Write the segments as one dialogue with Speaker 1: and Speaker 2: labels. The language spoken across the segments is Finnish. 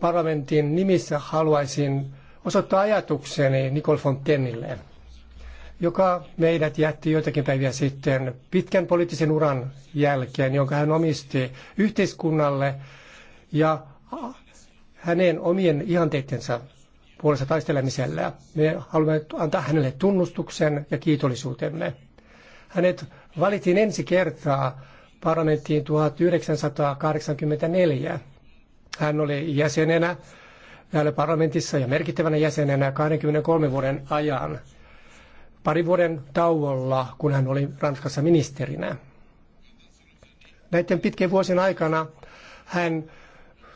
Speaker 1: parlamentin nimissä haluaisin osoittaa ajatukseni Nicole Fontaineille, joka meidät jätti joitakin päiviä sitten pitkän poliittisen uran jälkeen, jonka hän omisti yhteiskunnalle ja hänen omien ihanteittensa puolesta taistelemisella. Me haluamme antaa hänelle tunnustuksen ja kiitollisuutemme. Hänet valittiin ensi kertaa parlamenttiin 1984 hän oli jäsenenä täällä parlamentissa ja merkittävänä jäsenenä 23 vuoden ajan, pari vuoden tauolla, kun hän oli Ranskassa ministerinä. Näiden pitkien vuosien aikana hän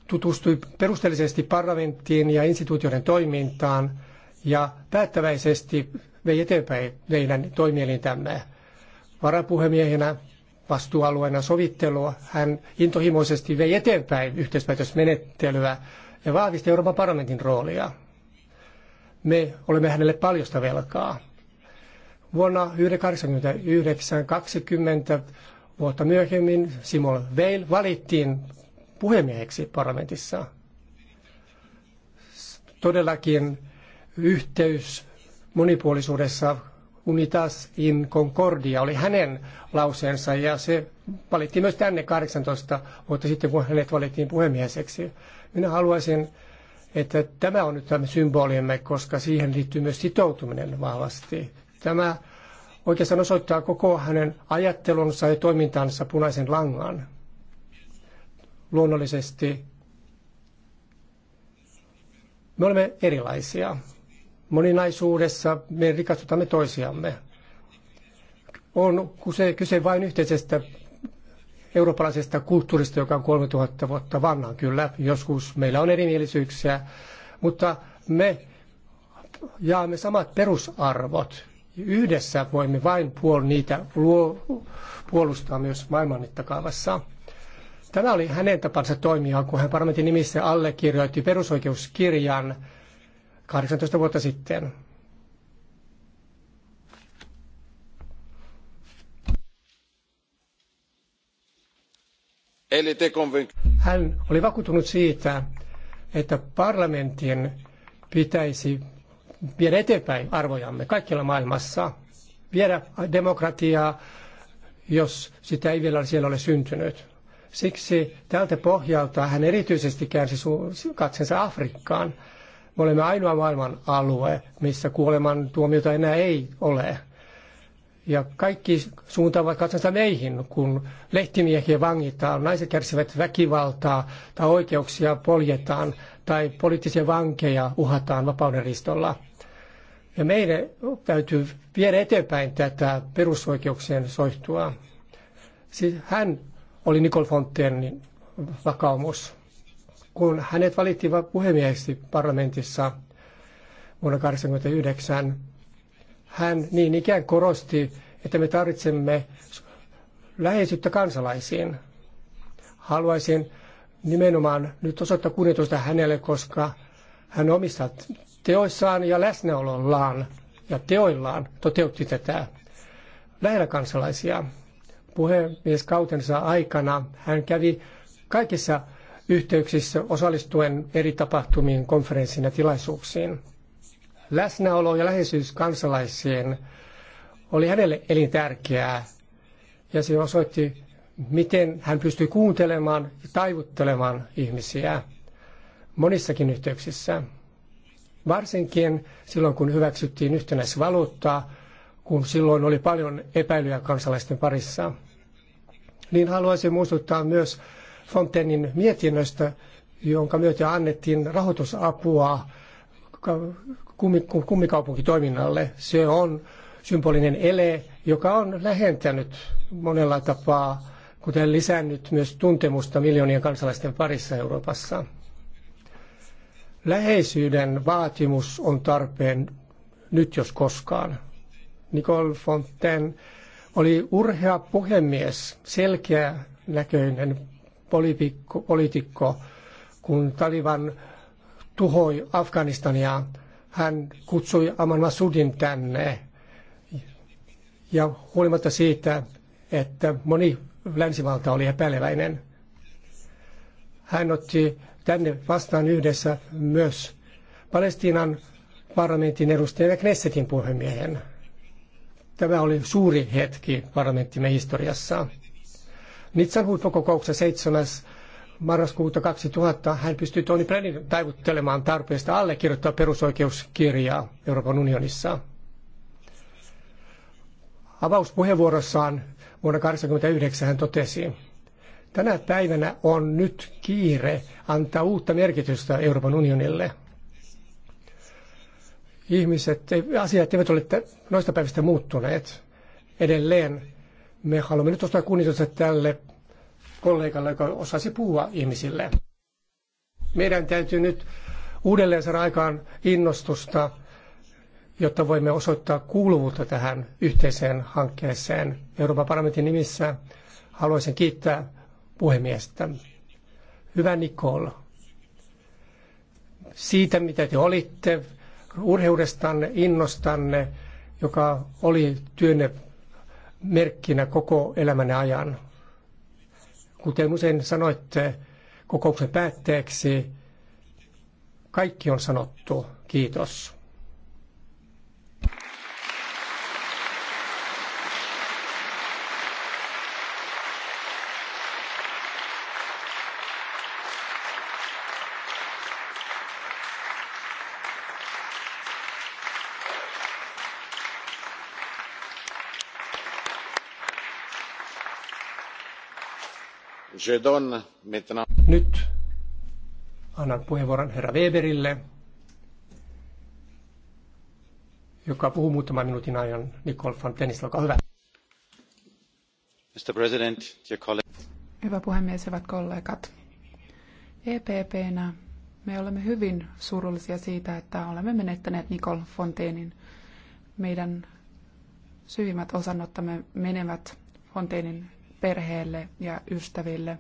Speaker 1: tutustui perusteellisesti parlamenttiin ja instituutioiden toimintaan ja päättäväisesti vei eteenpäin meidän toimielintämme. Varapuhemiehenä vastuualueena sovittelua. Hän intohimoisesti vei eteenpäin yhteispäätösmenettelyä ja vahvisti Euroopan parlamentin roolia. Me olemme hänelle paljosta velkaa. Vuonna 1989, 20 vuotta myöhemmin, Simon Veil valittiin puhemieheksi parlamentissa. Todellakin yhteys monipuolisuudessa Unitas in Concordia oli hänen lauseensa ja se valittiin myös tänne 18 vuotta sitten, kun hänet valittiin puhemieheksi. Minä haluaisin, että tämä on nyt tämä symbolimme, koska siihen liittyy myös sitoutuminen vahvasti. Tämä oikeastaan osoittaa koko hänen ajattelunsa ja toimintansa punaisen langan. Luonnollisesti me olemme erilaisia moninaisuudessa me rikastutamme toisiamme. On kyse, kyse vain yhteisestä eurooppalaisesta kulttuurista, joka on 3000 vuotta vanha kyllä. Joskus meillä on erimielisyyksiä, mutta me jaamme samat perusarvot. Yhdessä voimme vain puol niitä luo, puolustaa myös maailman mittakaavassa. Tämä oli hänen tapansa toimia, kun hän parlamentin nimissä allekirjoitti perusoikeuskirjan 18 vuotta sitten. Hän oli vakuuttunut siitä, että parlamenttien pitäisi viedä eteenpäin arvojamme kaikkialla maailmassa, viedä demokratiaa, jos sitä ei vielä siellä ole syntynyt. Siksi tältä pohjalta hän erityisesti käänsi katsensa Afrikkaan. Me olemme ainoa maailman alue, missä kuoleman tuomiota enää ei ole. Ja kaikki suuntaavat katsonsa meihin, kun lehtimiehiä vangitaan, naiset kärsivät väkivaltaa tai oikeuksia poljetaan tai poliittisia vankeja uhataan vapaudenristolla. Ja meidän täytyy viedä eteenpäin tätä perusoikeuksien soihtua. Siis hän oli Nicole Fontenin vakaumus kun hänet valittiin puhemieheksi parlamentissa vuonna 1989, hän niin ikään korosti, että me tarvitsemme läheisyyttä kansalaisiin. Haluaisin nimenomaan nyt osoittaa kunnioitusta hänelle, koska hän omissa teoissaan ja läsnäolollaan ja teoillaan toteutti tätä lähellä kansalaisia. Puhemieskautensa aikana hän kävi kaikissa yhteyksissä osallistuen eri tapahtumiin, konferenssiin ja tilaisuuksiin. Läsnäolo ja läheisyys kansalaisiin oli hänelle elintärkeää ja se osoitti, miten hän pystyi kuuntelemaan ja taivuttelemaan ihmisiä monissakin yhteyksissä. Varsinkin silloin, kun hyväksyttiin yhtenäisvaluuttaa, kun silloin oli paljon epäilyjä kansalaisten parissa. Niin haluaisin muistuttaa myös Fontenin mietinnöstä, jonka myötä annettiin rahoitusapua kummikaupunkitoiminnalle. Se on symbolinen ele, joka on lähentänyt monella tapaa, kuten lisännyt myös tuntemusta miljoonien kansalaisten parissa Euroopassa. Läheisyyden vaatimus on tarpeen nyt jos koskaan. Nicole Fontaine oli urhea puhemies, selkeä näköinen poliitikko, poliitikko kun Taliban tuhoi Afganistania. Hän kutsui Aman Masudin tänne. Ja huolimatta siitä, että moni länsivalta oli epäileväinen, hän otti tänne vastaan yhdessä myös Palestiinan parlamentin edustajan ja Knessetin puhemiehen. Tämä oli suuri hetki parlamenttimme historiassa. Nitsan huippukokouksessa 7. marraskuuta 2000 hän pystyi Tony Blairin taivuttelemaan tarpeesta allekirjoittaa perusoikeuskirjaa Euroopan unionissa. Avauspuheenvuorossaan vuonna 1989 hän totesi, Tänä päivänä on nyt kiire antaa uutta merkitystä Euroopan unionille. Ihmiset, asiat eivät ole noista päivistä muuttuneet. Edelleen me haluamme nyt ostaa kunnioitusta tälle kollegalle, joka osasi puhua ihmisille. Meidän täytyy nyt uudelleen saada aikaan innostusta, jotta voimme osoittaa kuuluvuutta tähän yhteiseen hankkeeseen. Euroopan parlamentin nimissä haluaisin kiittää puhemiestä. Hyvä Nicole, siitä mitä te olitte, urheudestanne, innostanne, joka oli työnne merkkinä koko elämän ajan. Kuten usein sanoitte kokouksen päätteeksi, kaikki on sanottu. Kiitos. Nyt annan puheenvuoron herra Weberille, joka puhuu muutaman minuutin ajan
Speaker 2: Nicole Fontenista. Olkaa hyvä. Mr. President, dear Hyvä puhemies, hyvät kollegat. EPPnä me olemme hyvin surullisia siitä, että olemme menettäneet Nicole Fonteenin. Meidän syvimmät osannottamme menevät Fonteenin perheelle ja ystäville.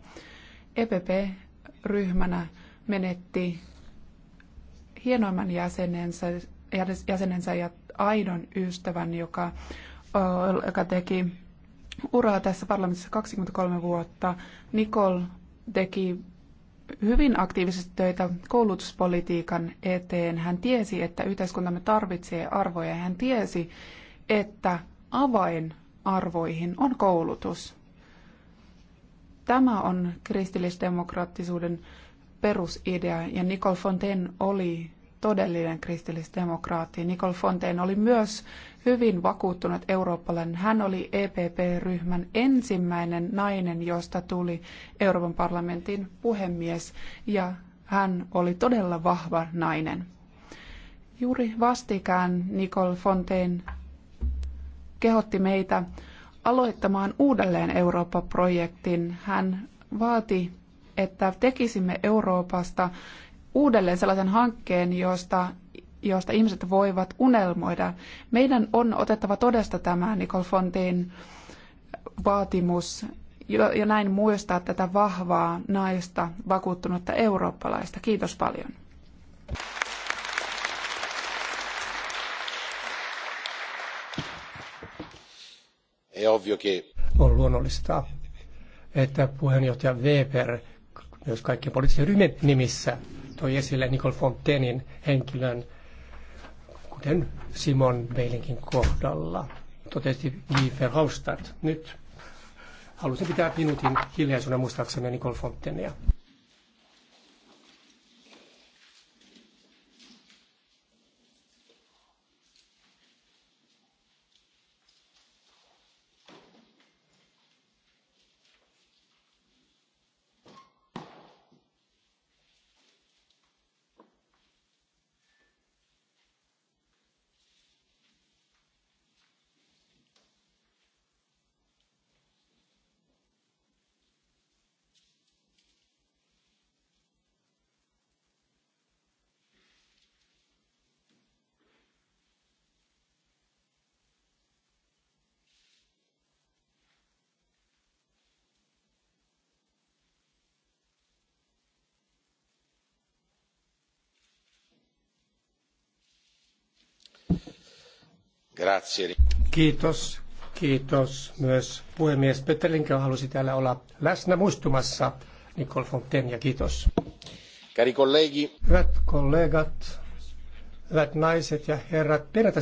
Speaker 2: EPP-ryhmänä menetti hienoimman jäsenensä, jäsenensä ja aidon ystävän, joka, joka teki uraa tässä parlamentissa 23 vuotta. Nicole teki hyvin aktiivisesti töitä koulutuspolitiikan eteen. Hän tiesi, että yhteiskuntamme tarvitsee arvoja. Hän tiesi, että avain arvoihin on koulutus. Tämä on kristillisdemokraattisuuden perusidea ja Nicole Fontaine oli todellinen kristillisdemokraatti. Nicole Fontaine oli myös hyvin vakuuttunut eurooppalainen. Hän oli EPP-ryhmän ensimmäinen nainen, josta tuli Euroopan parlamentin puhemies ja hän oli todella vahva nainen. Juuri vastikään Nicole Fontaine kehotti meitä aloittamaan uudelleen Eurooppa-projektin. Hän vaati, että tekisimme Euroopasta uudelleen sellaisen hankkeen, josta, josta ihmiset voivat unelmoida. Meidän on otettava todesta tämä Nicole Fontin vaatimus ja näin muistaa tätä vahvaa naista, vakuuttunutta eurooppalaista. Kiitos paljon.
Speaker 1: On luonnollista, että puheenjohtaja Weber myös kaikki poliittisen ryhmien nimissä toi esille Nicole Fontenin henkilön, kuten Simon Beilinkin kohdalla, totesi J. Verhofstadt. Nyt halusin pitää minuutin hiljaisuuden muistaakseni Nicole Fontenia. Grazie. Kiitos. Kiitos myös puhemies Petterinkö halusi täällä olla läsnä muistumassa Nicole Fontaine ja kiitos. Cari colleghi. Hyvät kollegat, hyvät naiset ja herrat, pidetään